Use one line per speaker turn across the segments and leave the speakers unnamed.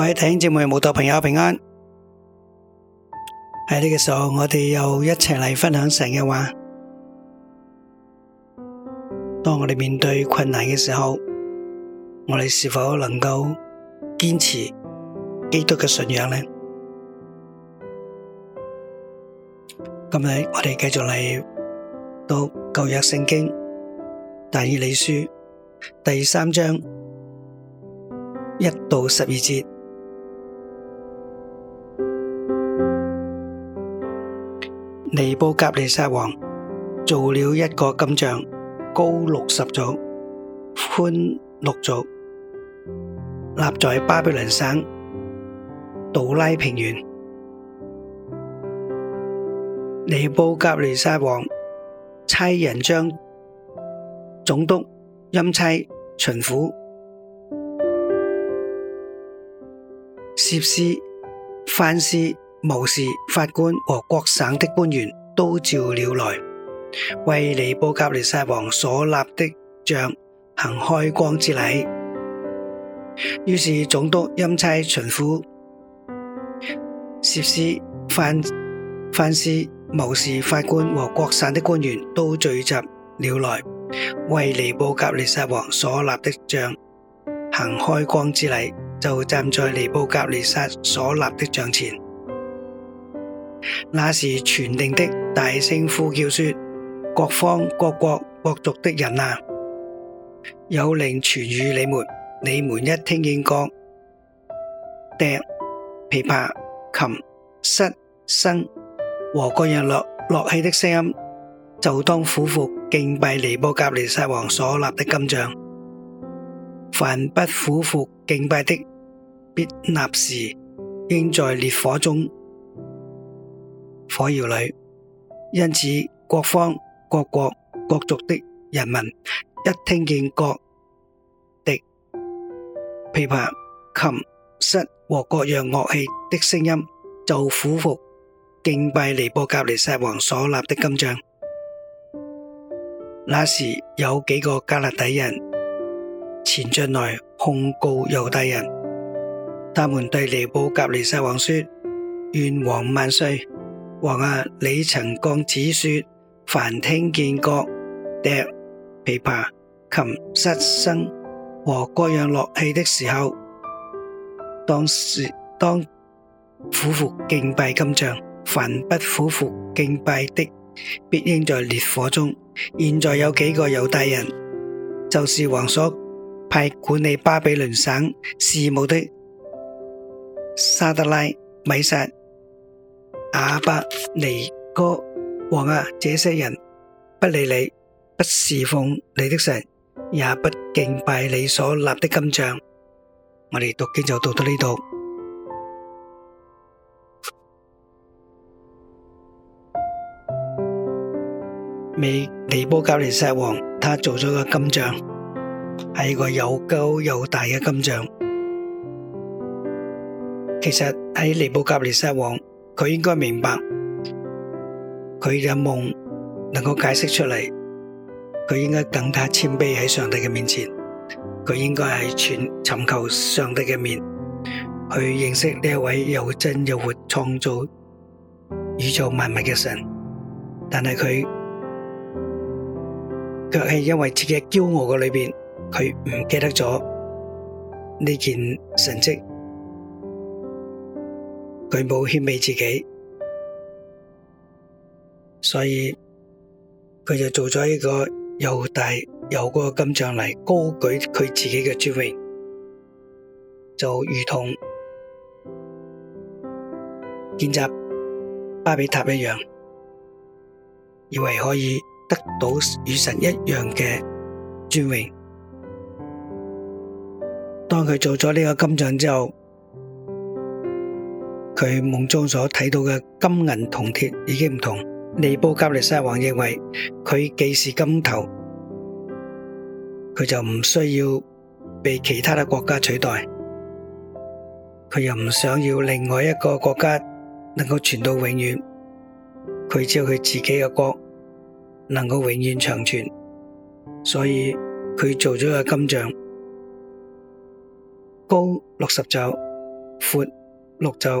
各位弟兄姊妹、慕道朋友平安。喺呢個時候，我哋又一齊嚟分享神嘅話。當我哋面對困難嘅時候，我哋是否能夠堅持基督嘅信仰呢？今日我哋繼續嚟讀舊約聖經但以理書第三章一到十二節。尼布甲尼撒王造了一個金像，高六十肘，寬六肘，立在巴比倫省杜拉平原。尼布甲尼撒王差人將總督、欽差、巡撫、臬司、藩司，謀士、法官和各省的官員都召了來，為尼布甲尼撒王所立的像行開光之禮。於是總督欽差，巡撫、臬司、藩、藩司、謀士、法官和各省的官員都聚集了來，為尼布甲尼撒王所立的像行開光之禮，就站在尼布甲尼撒所立的像前。那時傳令的大聲呼叫說：各方各國各族的人啊，有令傳與你們，你們一聽見角、笛、琵琶、琴、瑟、笙和各樣樂樂器的聲音，就當俯伏敬拜尼布甲尼撒王所立的金像。凡不俯伏敬拜的，必立時，應在烈火中。火窑裏，因此各方各國各族的人民一聽見各笛、琵琶、琴瑟和各樣樂器的聲音，就俯伏敬拜尼布甲尼撒王所立的金像。那時有幾個加勒底人前進來控告猶大人，他們對尼布甲尼撒王說：願王萬歲！王啊，你曾降子說：凡聽見角、笛、琵琶、琴、瑟、瑟、笙和各樣樂器的時候，當是當苦服敬拜金像；凡不苦服敬拜的，必應在烈火中。現在有幾個猶大人，就是王所派管理巴比倫省事務的沙德拉米煞。啞亞伯尼歌王啊，這些人不理你，不侍奉你的神，也不敬拜你所立的金像。我哋讀經就讀到呢度。美尼布甲尼撒王，他做咗個金像，係一個又高又大嘅金像。其實喺尼布甲尼撒王。佢應該明白，佢嘅夢能夠解釋出嚟，佢應該等他謙卑喺上帝嘅面前，佢應該係全尋求上帝嘅面，去認識呢一位又真又活創造宇宙萬物嘅神，但係佢卻係因為自己驕傲嘅裏邊，佢唔記得咗呢件神蹟。佢冇謙卑自己，所以佢就做咗一個又大又高嘅金像嚟高舉佢自己嘅尊榮，就如同建築巴比塔一樣，以為可以得到與神一樣嘅尊榮。當佢做咗呢個金像之後，佢夢中所睇到嘅金銀銅鐵已經唔同。尼布甲尼撒王認為佢既是金頭，佢就唔需要被其他嘅國家取代。佢又唔想要另外一個國家能夠傳到永遠，佢只要佢自己嘅國能夠永遠長存。所以佢做咗個金像，高六十肘，闊六肘。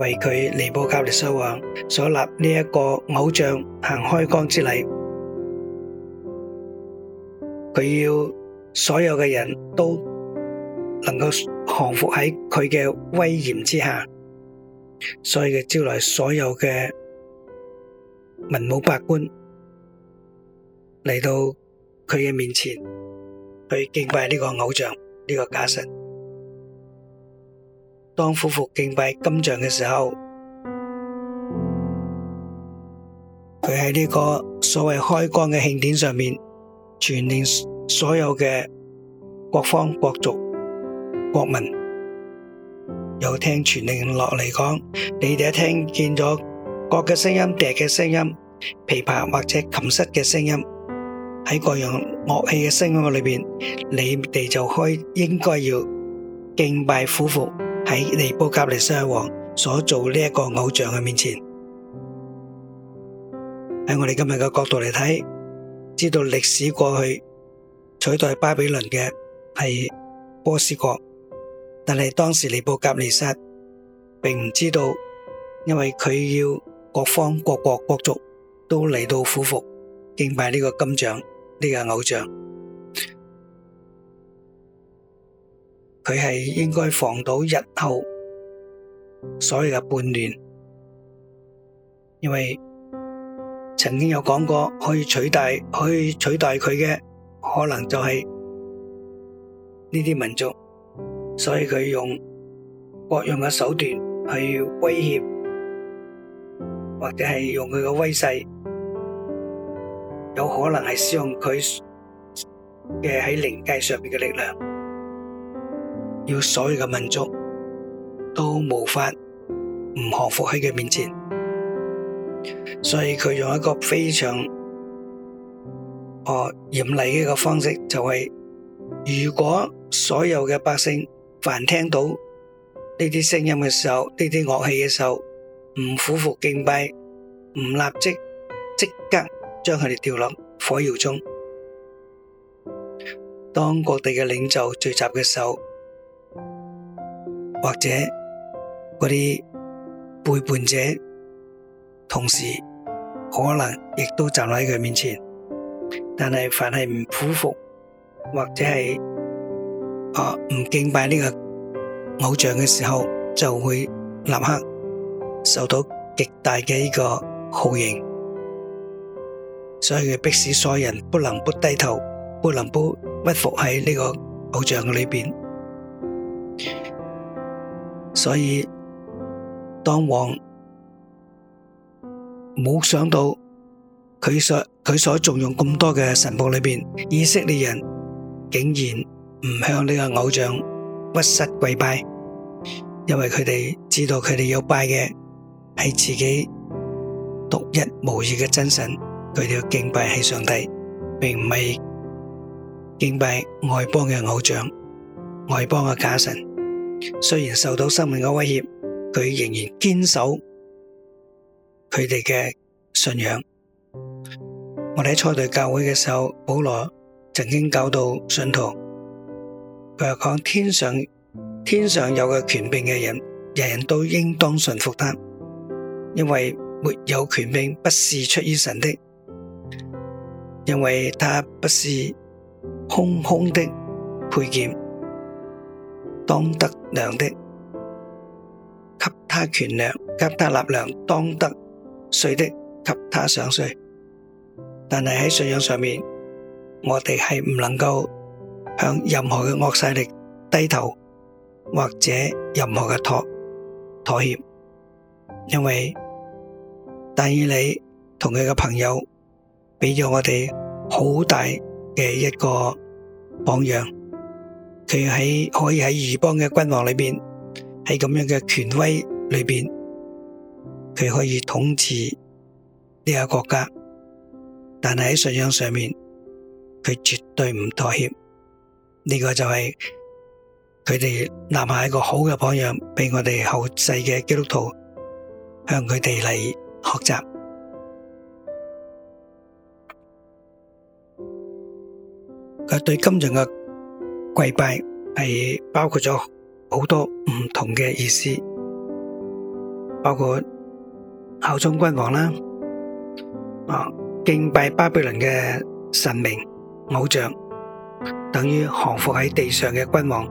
為佢尼布甲尼撒王所立呢一個偶像行開光之禮，佢要所有嘅人都能夠降服喺佢嘅威嚴之下，所以佢招來所有嘅文武百官嚟到佢嘅面前，去敬拜呢個偶像，呢、這個假神。當俯伏敬拜金像嘅時候，佢喺呢個所謂開光嘅慶典上面，傳令所有嘅各方各族國民，有聽傳令落嚟講，你哋一聽見咗角嘅聲音、笛嘅聲音、琵琶或者琴瑟嘅聲音，喺各樣樂器嘅聲音裏邊，你哋就開應該要敬拜俯伏。喺尼布甲尼撒王所做呢一個偶像嘅面前，喺我哋今日嘅角度嚟睇，知道歷史過去取代巴比倫嘅係波斯國，但係當時尼布甲尼撒並唔知道，因為佢要各方各國各族都嚟到俯伏敬拜呢個金像呢、呢個偶像。佢係應該防到日後所有嘅叛亂，因為曾經有講過可以取代、可以取代佢嘅，可能就係呢啲民族，所以佢用各樣嘅手段去威脅，或者係用佢嘅威勢，有可能係使用佢嘅喺靈界上面嘅力量。要所有嘅民族都冇法唔降服喺佢面前，所以佢用一個非常哦嚴厲嘅一個方式，就係如果所有嘅百姓凡聽到呢啲聲音嘅時候，呢啲樂器嘅時候，唔俯伏敬拜，唔立即即刻將佢哋掉落火窑中。當各地嘅領袖聚集嘅時候。或者嗰啲背叛者，同時可能亦都站喺佢面前，但係凡係唔匍匐或者係啊唔敬拜呢個偶像嘅時候，就會立刻受到極大嘅呢個酷刑，所以佢迫使所有人不能不低頭，不能不屈服喺呢個偶像嘅裏邊。所以，當王冇想到佢所佢所重用咁多嘅神僕裏邊，以色列人竟然唔向呢個偶像屈膝跪拜，因為佢哋知道佢哋要拜嘅係自己獨一無二嘅真神，佢哋要敬拜係上帝，並唔係敬拜外邦嘅偶像，外邦嘅假神。雖然受到生命嘅威脅，佢仍然堅守佢哋嘅信仰。我哋喺初代教會嘅時候，保羅曾經教導信徒，佢話講天上天上有個權柄嘅人，人人都應當信服他，因為沒有權柄不是出於神的，因為他不是空空的配劍。當得糧的，給他權糧，給他納糧；當得稅的，給他上稅。但係喺信仰上面，我哋係唔能夠向任何嘅惡勢力低頭，或者任何嘅妥妥協，因為但以理同佢嘅朋友俾咗我哋好大嘅一個榜樣。佢喺可以喺異邦嘅君王裏邊，喺咁樣嘅權威裏邊，佢可以統治呢個國家。但係喺信仰上面，佢絕對唔妥協。呢、這個就係佢哋立下一個好嘅榜樣，俾我哋後世嘅基督徒向佢哋嚟學習。佢對今日嘅。跪拜係包括咗好多唔同嘅意思，包括效忠君王啦，啊敬拜巴比倫嘅神明偶像，等於降服喺地上嘅君王，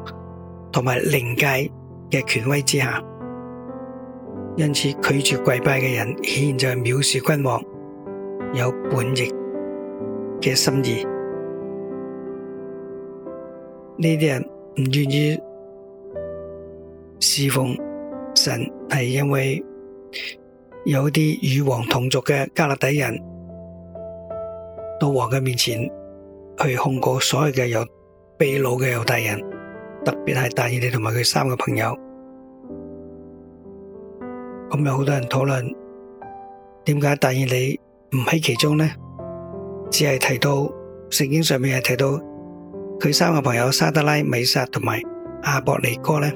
同埋靈界嘅權威之下。因此拒絕跪拜嘅人，顯然就係藐視君王，有叛逆嘅心意。呢啲人唔願意侍奉神，係因為有啲與王同族嘅加勒底人到王嘅面前去控告所有嘅有被擄嘅猶大人，特別係但以理同埋佢三個朋友。咁有好多人討論點解但以理唔喺其中呢？只係提到聖經上面係提到。佢三個朋友沙得拉、米煞同埋亞伯尼哥咧，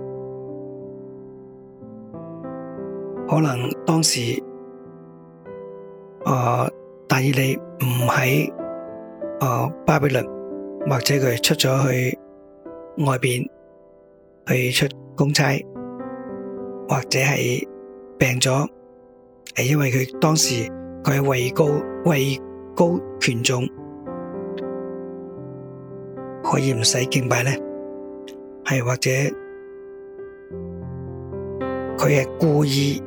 可能當時誒但以理唔喺誒巴比倫，或者佢出咗去外邊去出公差，或者係病咗，係因為佢當時佢位高位高權重。可以唔使敬拜呢，係或者佢係故意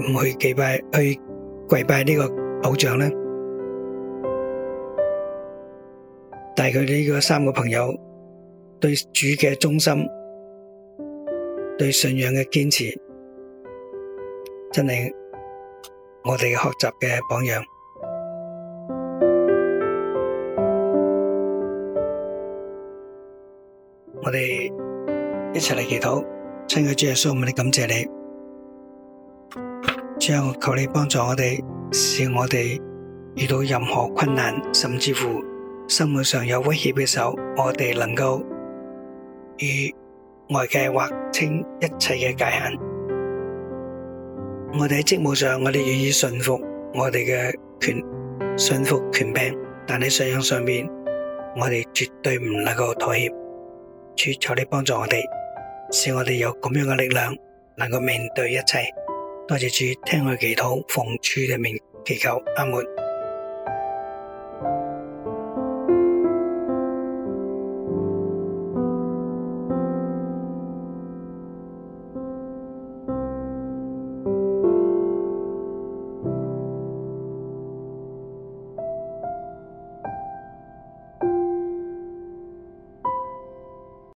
唔去敬拜、去跪拜呢個偶像呢。但係佢哋呢個三個朋友對主嘅忠心、對信仰嘅堅持，真係我哋學習嘅榜樣。我哋一齊嚟祈禱，親愛主耶穌，我哋感謝你。主啊，求你幫助我哋，使我哋遇到任何困難，甚至乎生活上有威脅嘅時候，我哋能夠與外界劃清一切嘅界限。我哋喺職務上，我哋願意順服我哋嘅權，順服權柄，但喺信仰上面，我哋絕對唔能夠妥協。主在呢幫助我哋，使我哋有咁樣嘅力量，能夠面對一切。多謝主聽我祈禱，奉主嘅名祈求，阿門。